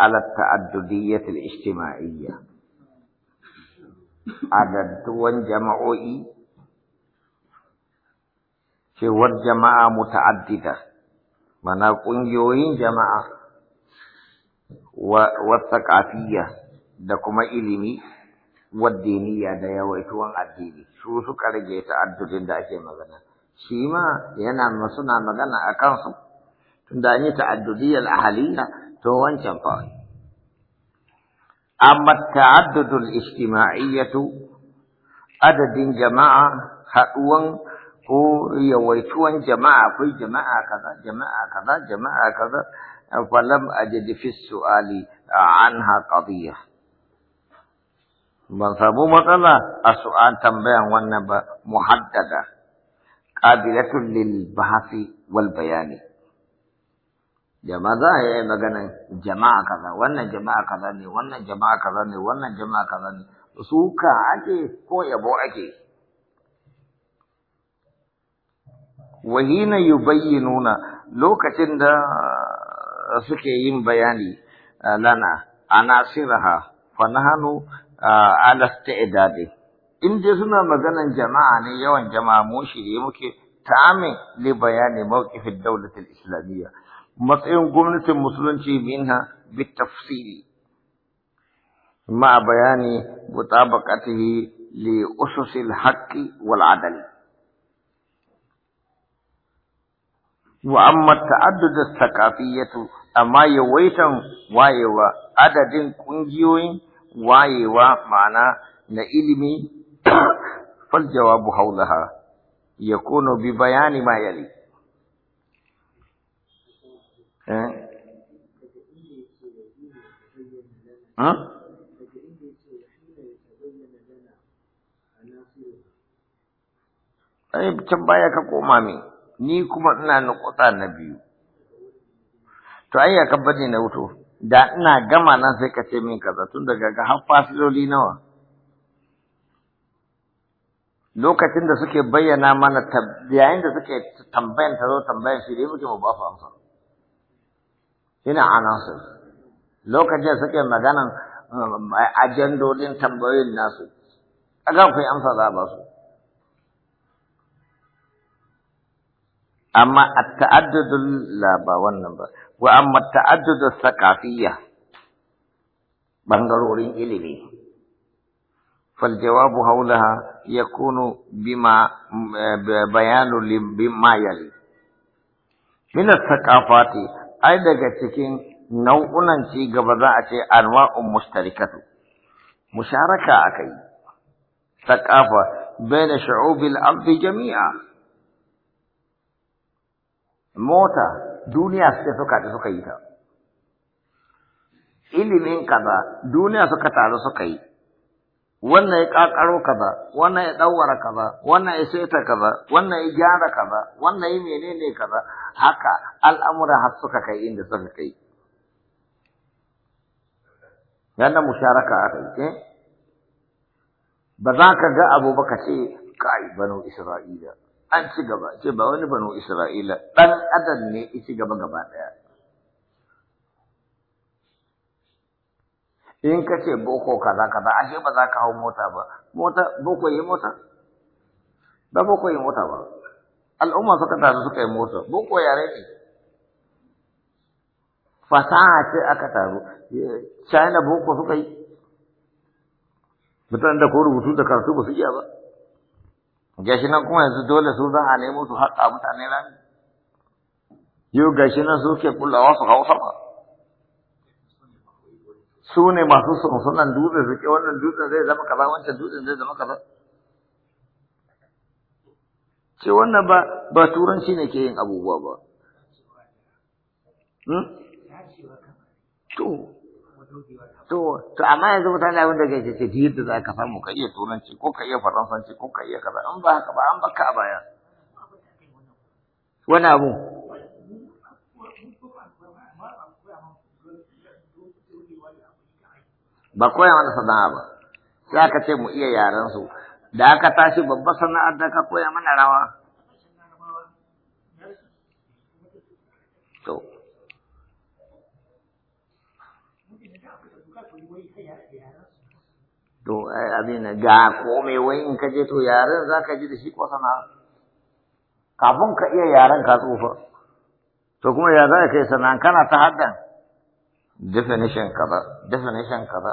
على التعددية الاجتماعية عدد دون جمعوي في والجماعة متعددة من قنجوين جماعة والثقافية دكما إلمي والدينية ديويتوان الديني شو سكر جيت عددين داكي مغنى شيما ينا مسنا مغنى أكانسو تندعني تعددية الأهلية تو وانشان طاهي أما التعدد الاجتماعية عدد جماعة حقوان ويتوان جماعة في جماعة كذا جماعة كذا جماعة كذا فلم أجد في السؤال عنها قضية من فهمو مثلا السؤال تنبيه والنبى محددة قابلة للبحث والبيان jama'a za a yi maganan jama'a kaza wannan jama'a kaza ne wannan jama'a kaza ne wannan jama'a kaza ne suka ake ko yabo ake wahina yubayyinuna lokacin da suke yin bayani eh, lana anasiraha fa nahnu eh, ala isti'dadi in dai suna maganan jama'a ne yawan jama'a mu shirye muke ta'amin li bayani mawqifid dawlatil islamiyya matsayin gwamnatin musulunci minha bitafsiri ma bayani mutabaqatihi li ususil haqqi wal adali وأما التعدد الثقافية أما يويتم وايوا عدد كنجيوين وايوا معنى نعلمي فالجواب حولها يكون ببيان ما يلي ha eh, can baya ka koma min ni kuma ina nukuta na biyu to ai ya kabbaje na wuto da ina gama nan sai ka ce min kaza tun daga ga har fasiloli nawa lokacin da suke bayyana mana yayin da suke tambayan ta zo tambayan shi dai muke mu ba fa amsa ina anasir lokacin suke maganan eh, ajandodin tambayoyin nasu kaga ku amsa za ba su amma a taaddudul la nan wannan ba wa amma at-ta'addudus ɓangarorin bangarorin ilimi فالجواب حولها يكون بما بيان bayanu يلي من min ath-thaqafati ai daga cikin nau'unan ci gaba za a ce anwa'un mushtarikatu musharaka akai thaqafa baina shu'ubil ardi jami'a mota duniya suka suka suka yi ta ilimin kaza duniya suka taru suka yi wannan ya kakaro kaza wannan ya ɗaura kaza wannan ya saita kaza wannan ya gyara kaza wannan ya menene kaza haka al'amura har suka kai inda suka kai yana musharaka aka yi eh? ba za ka ga abu ba ka ce kai banu isra'ila an ci gaba ce ba wani banu isra'ila Dan adam ne ya ci gaba gaba daya. in ka ce boko kaza kaza ashe ba za ka hau mota ba mota boko yi mota ba boko yi mota ba al'umma suka taru suka yi mota boko yare ne fasaha ce aka taru eh, china boko suka yi mutanen da ko rubutu da karatu ba su iya ba gashi nan kuma yanzu dole su za a nemo su haƙa mutane rami yau gashi nan ke kullawa su hausa ba su ne masu sunan dutse suke wannan dutsen zai zama kaza wancan dutsen zai zama kaza ce wannan ba ba turanci ne ke yin abubuwa ba hmm? To, to, to amma yanzu mutane abin da gaje ce jihar da za ka samu ka iya turanci ko ka iya faransanci ko ka iya kaza in ba haka ba an baka a baya. Wani abu. Ba koyan wani sana'a ba, za ka ce mu iya yarensu, da aka tashi babbar sana'ar da ka koya mana rawa. to eh, abin ga komai wai in ka je to yaren za ka ji da shi ko sana kafin ka iya yaren ka tsufa to kuma ya zaka kai yi sana'a kana ta haddan definition ba definition ba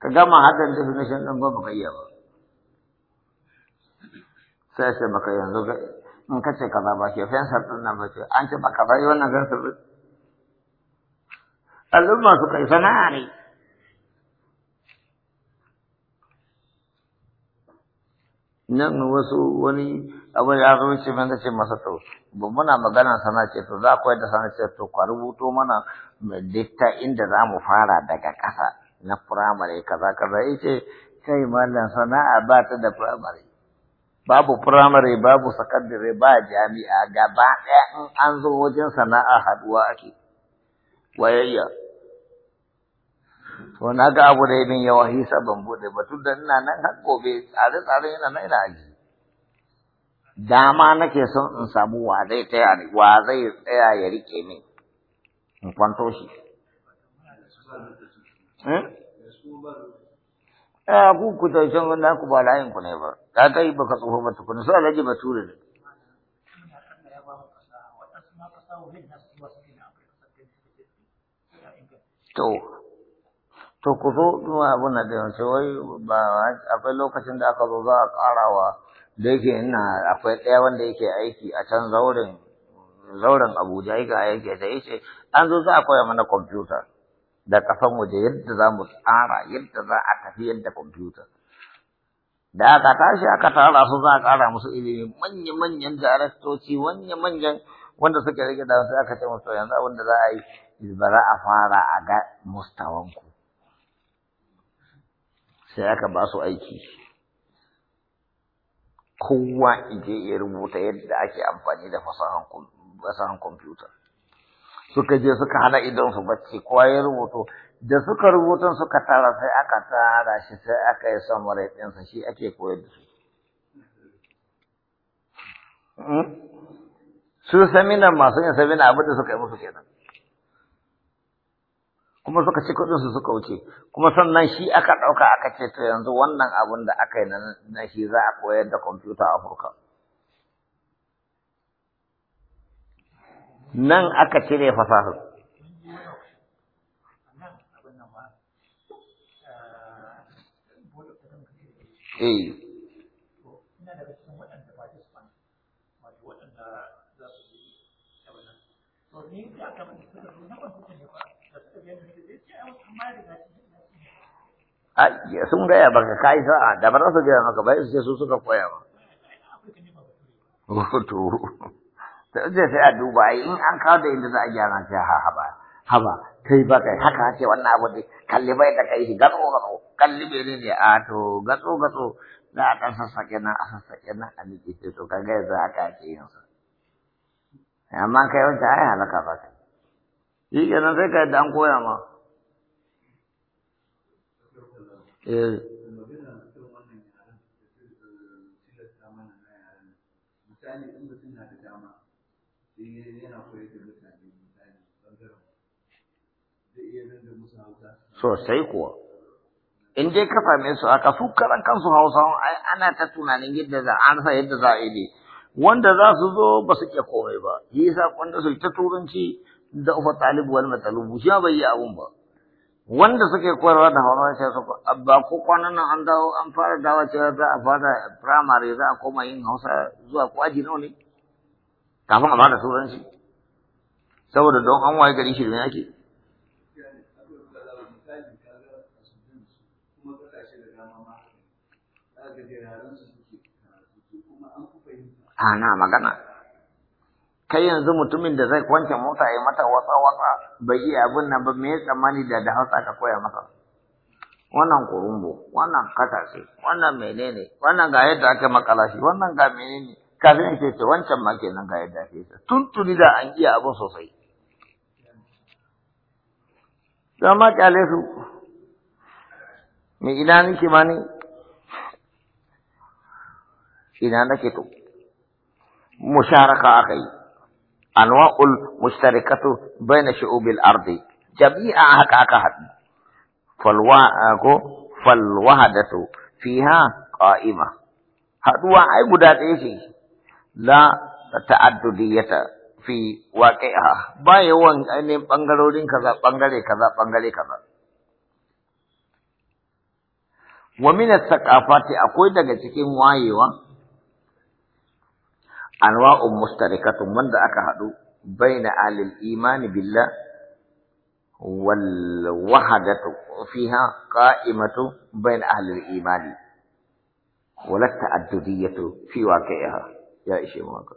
ka gama haddan definition din ba baka iya ba sai sai baka yanzu in ka ce kaza ba ke fensar din nan ba ce an ce ba kaza yi wannan fensar din al'umma su kai sana'a ne. Nan wasu wani abu da aka wuce mai ce masa to, ba muna magana sana ce to za ku da sana ce to ka rubuto mana dikta inda za mu fara daga ƙasa na firamare kaza kaza ya ce kai mallan sana'a ba ta da firamare. Babu firamare babu sakandare ba jami'a gaba ɗaya in an zo wajen sana'a haɗuwa ake. Wayayya. na ga abu da min yawa hisa ban bude ba tun da ina nan har gobe tsare tsare yana nan ina aji dama nake son in samu wa zai tsaya wa zai tsaya ya rike min in kwanto shi eh ku ku da shan wannan ku ba layin ku ne ba ka kai baka tsoho ba tukuna sai ne to to ku zo zuwa abin na da yawanci wai ba akwai lokacin da aka zo za a karawa da yake ina akwai ɗaya wanda yake aiki a can zauren zauren abuja yake aiki da ce an zo za a koya mana kwamfuta da kafan waje yadda za mu tsara yadda za a tafi yadda kwamfuta da aka tashi aka tara su za a kara musu ilimi manya-manyan daraktoci manya-manyan wanda suke rage da sai aka ce musu yanzu abin da za a yi ba a fara a ga mustawanku sai aka ba su aiki kowa ije ya rubuta yadda ake amfani da fasahan kwamfuta suka je suka hana idan su bacci kowa ya rubuto da suka rubutun suka tara sai aka tara shi sai aka yi samurai ɗinsa shi ake koyar da su sami hmm? samina masu yin samina abin da suka yi musu kenan kuma suka ci su suka wuce kuma sannan shi aka ɗauka aka ce to yanzu wannan abun da aka yi na shi za a koyar da kwamfuta a Afirka. Nan aka cire fasaha Eh. waɗanda za su yi sun gaya baka kai sa'a da ba za su gaya maka ba su ce su suka koya ba to je sai a duba in an kawo da inda za a gyara sai ha ha ba kai ba kai haka ce wannan abu dai kalli bai da kai shi gatso gatso kalli bai ne a to gatso gatso za a ɗan sassaƙe nan a sassaƙe nan a liƙe ce to kaga za haka ake yin sa amma kai wancan ai halaka ba kai shi kenan sai ka yadda an koya ma Eh. sosai kuwa in dai ka same su aka su karan kansu hausawan ana ta tunanin yadda za a rasa yadda za a yi wanda za su zo ba su iya komai ba yi sa kwanda su ta turanci da ufa talib wal matalubu shi ba yi abun ba wanda suke koyarwa da hauran sai su ba ko kwanan nan an dawo an fara dawa cewa za a fara firamare za a koma yin hausa zuwa kwaji nawa ne kafin a bada turanci saboda don an waye gari shirin yake ana magana kai yanzu mutumin da zai kwance mota ya mata wasa wasa bai iya abin nan ba me ya tsammani da da hausa ka koya masa wannan kurumbo wannan katase. wannan menene wannan ga yadda aka makala shi wannan ga menene kafin ce ce wancan ma kenan ga yadda ake sa tuntuni da an iya abin sosai don ma kyale su me ina nake ma ne ina nake to musharaka aka yi أنواع المشتركة بين شعوب الأرض جميعها هكا هكا فالوحدة فيها قائمة هدوى أي بداتيشي لا تعددية في واقعها با يوان اين بانغلولين كذا بانغلي كذا بانغلي كذا ومن الثقافات أقول لك تكين وايوة anwa'un mustarikatun wanda aka haɗu baina alil imani billah wal wahadatu fiha qa'imatu baina ahlil imani wala ta'addudiyatu fi waqi'iha ya ishe maka